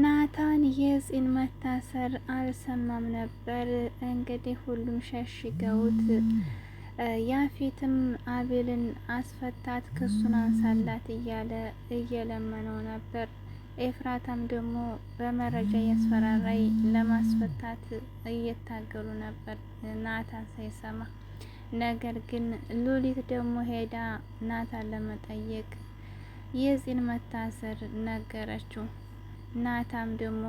ናታን የፂን መታሰር አልሰማም ነበር። እንግዲህ ሁሉም ሸሽገውት ያፌትም አቤልን አስፈታት፣ ክሱን አንሳላት እያለ እየለመነው ነበር። ኤፍራታም ደግሞ በመረጃ እያስፈራራይ ለማስፈታት እየታገሉ ነበር ናታን ሳይሰማ። ነገር ግን ሉሊት ደግሞ ሄዳ ናታን ለመጠየቅ የፂን መታሰር ነገረችው። ናታም ደግሞ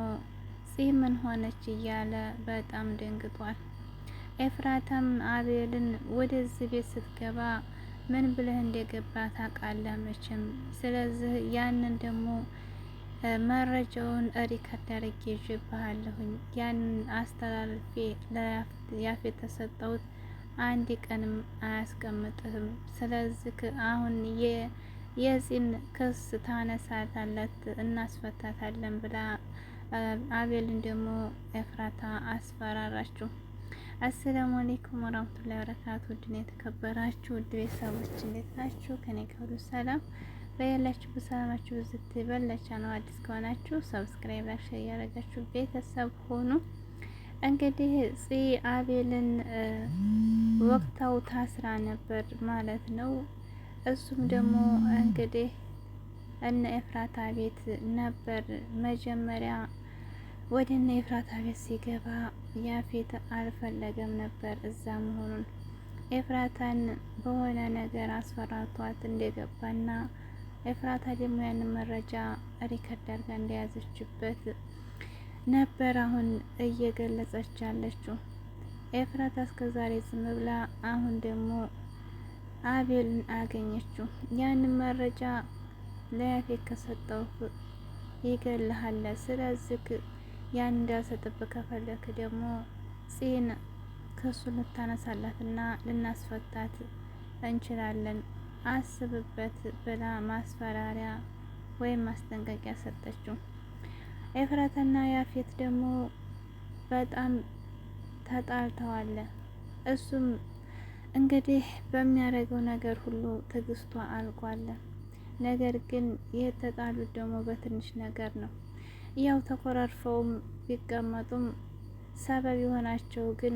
ፂ ምን ሆነች እያለ በጣም ደንግጧል። ኤፍራታም አቤልን ወደዚህ ቤት ስትገባ ምን ብለህ እንደገባ ታውቃለህ መቼም። ስለዚህ ያንን ደግሞ መረጃውን ሪከርድ አድርጌ ይዤብሃለሁኝ። ያንን አስተላልፌ ለያፌ የተሰጠሁት አንድ ቀንም አያስቀምጥህም። ስለዚህ አሁን የዚህን ክስ ታነሳታለት እናስፈታታለን ብላ አቤልን ደግሞ ኤፍራታ አስፈራራችሁ። አሰላሙ አለይኩም ወራህመቱላሂ ወበረካቱ። ውድን የተከበራችሁ ውድ ቤተሰቦች እንዴት ናችሁ? ከኔ ጋር ሰላም በያላችሁ በሰላማችሁ ዝት በላቻ ነው። አዲስ ከሆናችሁ ሰብስክራይብ ላሽ እያደረጋችሁ ቤተሰብ ሆኑ። እንግዲህ ፂ አቤልን ወቅታው ታስራ ነበር ማለት ነው። እሱም ደግሞ እንግዲህ እነ ኤፍራታ ቤት ነበር። መጀመሪያ ወደ እነ ኤፍራታ ቤት ሲገባ ያፌት አልፈለገም ነበር እዛ መሆኑን። ኤፍራታን በሆነ ነገር አስፈራቷት እንደገባና ኤፍራታ ደግሞ ያንን መረጃ ሪከርድ አድርጋ እንደያዘችበት ነበር አሁን እየገለጸች ያለችው። ኤፍራታ እስከዛሬ ዝም ብላ አሁን ደግሞ አቤልን አገኘችው። ያንን መረጃ ለያፌት ከሰጠው ይገልሃለ። ስለዚህ ያን እንዳልሰጥብ ከፈለክ ደግሞ ጽን ከሱ ልታነሳላትና ልናስፈታት እንችላለን አስብበት ብላ ማስፈራሪያ ወይም ማስጠንቀቂያ ሰጠችው። ኤፍራታና ያፌት ደግሞ በጣም ተጣልተዋል። እሱም እንግዲህ በሚያደርገው ነገር ሁሉ ትዕግስቷ አልቋለ። ነገር ግን የተጣሉት ደግሞ በትንሽ ነገር ነው። ያው ተኮራርፈውም ቢቀመጡም ሰበብ የሆናቸው ግን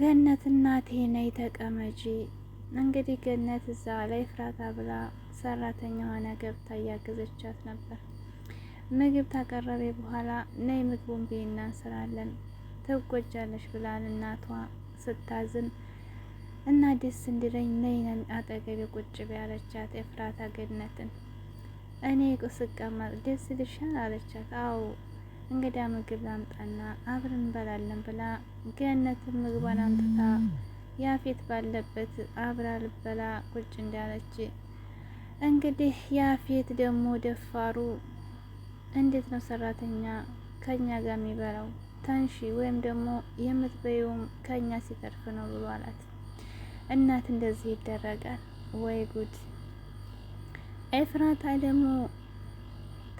ገነት እናቴ ነይ ተቀመጪ። እንግዲህ ገነት እዛ ላይ ፍራታ ብላ ሰራተኛ ሆነ ገብታ እያገዘቻት ነበር። ምግብ ታቀረበ በኋላ ነይ ምግቡን ቤና እንሰራለን ትጎጃለሽ ብላን እናቷ ስታዝን እና ደስ እንዲለኝ ነይ አጠገቤ ቁጭ በይ አለቻት ኤፍራታ ገነትን። እኔ ቁስቀማ ደስ ይልሻል አለቻት። አዎ እንግዳ ምግብ ላምጣና አብረን እንበላለን ብላ ገነትን ምግቧን አምጥታ ያፌት ባለበት አብራ ልበላ ቁጭ እንዳለች እንግዲህ ያፌት ደግሞ ደፋሩ እንዴት ነው ሰራተኛ ከኛ ጋር የሚበላው? ተንሺ ወይም ደግሞ የምትበይውም ከኛ ሲተርፍ ነው ብሎ አላት። እናት እንደዚህ ይደረጋል ወይ ጉድ! ኤፍራታ ደግሞ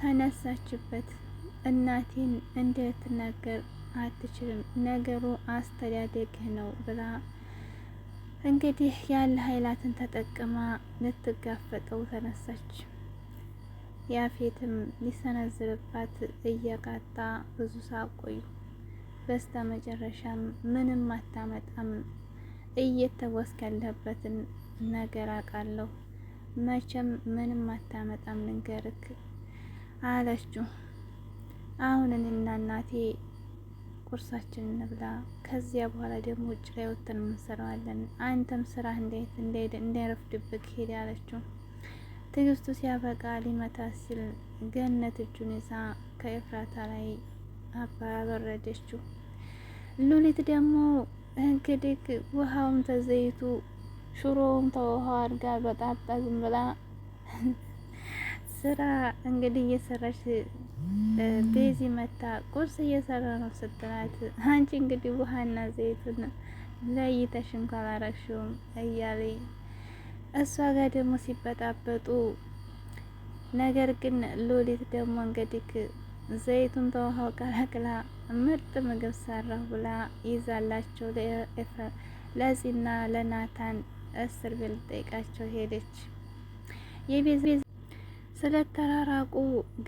ተነሳችበት። እናቴን እንድትናገር አትችልም፣ ነገሩ አስተዳደግህ ነው ብላ እንግዲህ ያለ ኃይላትን ተጠቅማ ልትጋፈጠው ተነሳች። ያፌትም ሊሰነዝርባት እየቃጣ ብዙ ሳቆዩ በስተ መጨረሻም ምንም አታመጣም እየተወስክ ያለበትን ነገር አውቃለሁ። መቼም ምንም አታመጣም ልንገርክ አለችው። አሁን እኔና እናቴ ቁርሳችን እንብላ፣ ከዚያ በኋላ ደግሞ ውጭ ላይ ወጥተን እንሰራዋለን። አንተም ስራ እንዴት እንዳይረፍድብህ ሄድ አለችው። ትግስቱ ሲያበቃ ሊመታ ሲል ገነት እጁን ይዛ ከኤፍራታ ላይ አባራ ሉሊት ደግሞ እንግዲህ ውሃውም ተዘይቱ ሽሮውም ተውሃው አድጋ በጣጣ ዝም ብላ ስራ እንግዲህ እየሰራች ቤዚ መታ ቁርስ እየሰራ ነው ስትላት፣ አንቺ እንግዲህ ውሃና ዘይቱን ለይተሽ እንኳን አላረግሽውም እያለ እሷ ጋር ደግሞ ሲበጣበጡ ነገር ግን ሎሊት ደግሞ እንግዲህ ዘይቱን በውሃው ቀላቅላ ምርጥ ምግብ ሰራሁ ብላ ይዛላቸው ለዚና ለናታን እስር ቤት ልጠይቃቸው ሄደች። የቤዛ ስለተራራቁ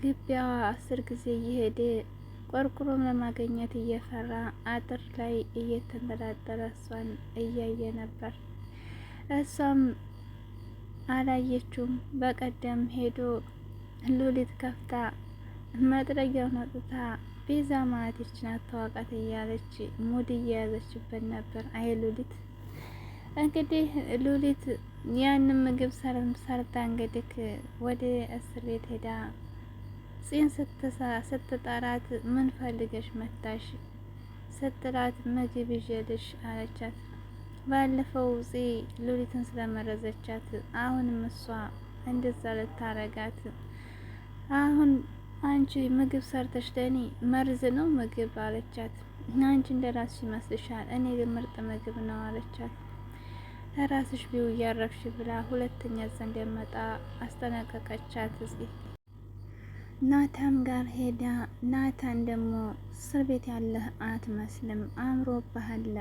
ግቢያዋ አስር ጊዜ እየሄደ ቆርቆሮም ለማገኘት እየፈራ አጥር ላይ እየተንጠላጠለ እሷን እያየ ነበር። እሷም አላየችውም። በቀደም ሄዶ ሉሊት ከፍታ መጥረጊያውን አውጥታ ቤዛ ማለት ይችን አታዋቃት እያለች ሙድ እየያዘችበት ነበር። አይ ሉሊት እንግዲህ ሉሊት ያንን ምግብ ሰርታ እንግዲህ ወደ እስር ቤት ሄዳ ጽን ስትጠራት ምን ፈልገሽ መታሽ ስትላት ምግብ ይዤልሽ አለቻት። ባለፈው ጽ ሉሊትን ስለመረዘቻት አሁንም እሷ እንደዛ ልታረጋት አሁን አንቺ ምግብ ሰርተሽ ለእኔ መርዝ ነው ምግብ አለቻት። አንቺ እንደ ራስሽ ይመስልሻል፣ እኔ ግን ምርጥ ምግብ ነው አለቻት። ለራስሽ ቢው እያረፍሽ ብላ ሁለተኛ ዘንድ የመጣ አስጠነቀቀቻት። እዚህ ናታን ጋር ሄዳ ናታን ደግሞ እስር ቤት ያለህ አትመስልም ባህለ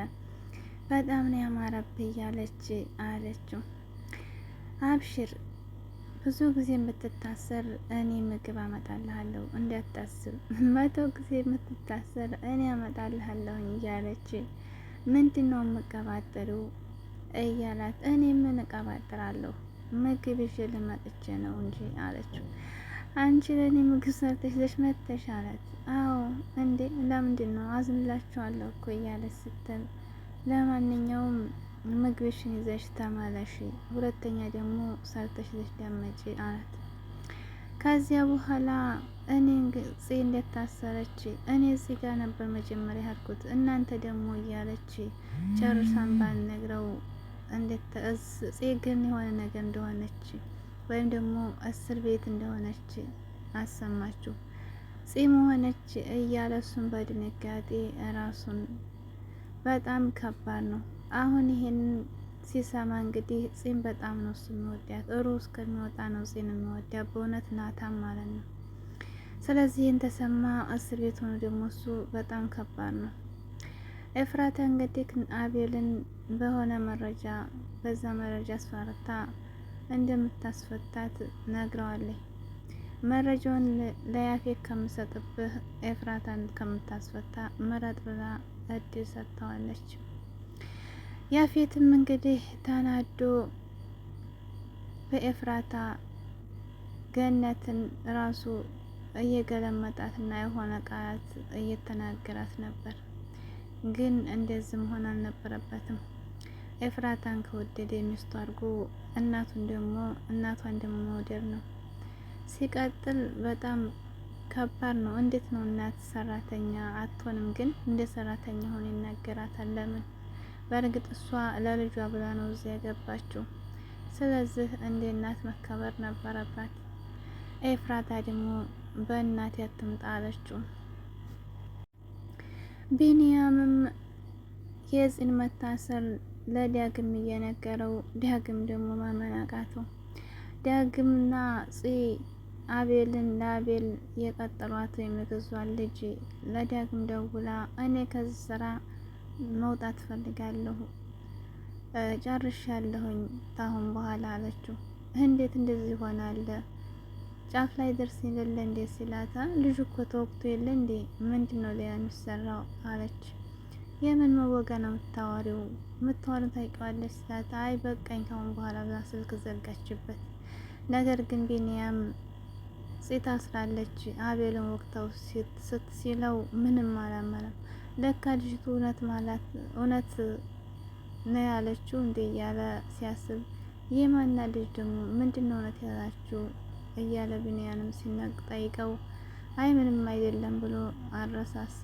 በጣም ነው ያማረብ እያለች አለችው አብሽር ብዙ ጊዜ የምትታሰር እኔ ምግብ አመጣልሃለሁ እንዳታስብ፣ መቶ ጊዜ የምትታሰር እኔ አመጣልሃለሁ እያለች ምንድን ነው የምቀባጥሪው እያላት እኔ ምን እቀባጥራለሁ ምግብ ይዤ ልመጥቼ ነው እንጂ አለችው። አንቺ ለእኔ ምግብ ሰርተሽ ይዘሽ መጥተሽ አላት። አዎ እንዴ ለምንድን ነው አዝንላችኋለሁ እኮ እያለች ስትል ለማንኛውም ምግብሽን ይዘሽ ተመለሺ፣ ሁለተኛ ደግሞ ሰርተሽ ይዘሽ ደመጪ አላት። ከዚያ በኋላ እኔ ጽ እንደታሰረች እኔ እዚህ ጋር ነበር መጀመሪያ ያልኩት እናንተ ደግሞ እያለች ጨርሳን ባልነግረው ጽ ግን የሆነ ነገር እንደሆነች ወይም ደግሞ እስር ቤት እንደሆነች አሰማችሁ። ፂም ሆነች እያለ እሱን በድንጋጤ ራሱን በጣም ከባድ ነው። አሁን ይሄን ሲሰማ እንግዲህ ጺን በጣም ነው እሱ የሚወዳት እሩ እስከሚወጣ ነው ጺን የሚወዳት በእውነት ናታም ማለት ነው። ስለዚህ እንተሰማ ተሰማ እስር ቤት ሆኖ ደግሞ እሱ በጣም ከባድ ነው። ኤፍራተ እንግዲህ አቤልን በሆነ መረጃ በዛ መረጃ አስፈርታ እንደምታስፈታት ነግረዋለች። መረጃውን ለያፌት ከምሰጥብህ ኤፍራታን ከምታስፈታ ምረጥ ብላ እድል ሰጥተዋለች። ያፌትም እንግዲህ ተናዶ በኤፍራታ ገነትን ራሱ እየገለመጣትና የሆነ ቃላት እየተናገራት ነበር። ግን እንደዚህ መሆን አልነበረበትም። ኤፍራታን ከወደደ ሚስቱ አድርጎ እናቱን ደግሞ እናቷን ደግሞ መውደድ ነው። ሲቀጥል በጣም ከባድ ነው። እንዴት ነው እናት ሰራተኛ አትሆንም? ግን እንደ ሰራተኛ ሆኖ ይናገራታል። ለምን በእርግጥ እሷ ለልጇ ብላ ነው እዚያ የገባችው። ስለዚህ እንደ እናት መከበር ነበረባት። ኤፍራታ ደግሞ በእናት ያትምጣ አለችው። ቢንያምም የጽን መታሰር ለዳግም እየነገረው ዳግም ደግሞ ማመናቃቱ ዳግምና ጽ አቤልን ለአቤል የቀጠሯት የሚገዟት ልጅ ለዳግም ደውላ እኔ ከዚህ ስራ መውጣት ፈልጋለሁ ጨርሻለሁኝ ታሁን በኋላ አለችው። እንዴት እንደዚህ ይሆናል? ጫፍ ላይ ደርስ የለ እንዴ ሲላታ ልጅ እኮ ተወቅቶ የለ እንዴ ምንድን ነው ሌላ የሚሰራው አለች። የምን መወገ ነው የምታወሪው? የምታወሪው ታውቂዋለች ሲላታ አይ በቃኝ ካሁን በኋላ ብላ ስልክ ዘጋችበት። ነገር ግን ቢኒያም ፂታ ስላለች አቤልን ስት ሲለው ምንም አላመረም። ለካ ልጅቱ እውነት ማለት እውነት ነው ያለችው እንዴ እያለ ሲያስብ የማና ልጅ ደግሞ ምንድን ነው እውነት ያላችሁ እያለ ቢንያንም ሲነቅ ጠይቀው አይ ምንም አይደለም ብሎ አረሳሳ።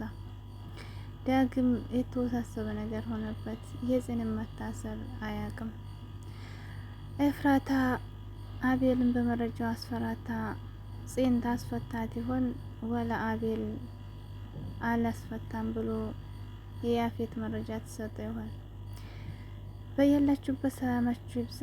ዳግም የተወሳሰበ ነገር ሆነበት። የጽንም መታሰር አያቅም። ኤፍራታ አቤልን በመረጃው አስፈራታ ጽን ታስፈታት ይሆን ወላ አቤል አላስፈታም ብሎ የያፌት መረጃ ተሰጠ ይሆን? በያላችሁበት ሰላማችሁ ይብዛ።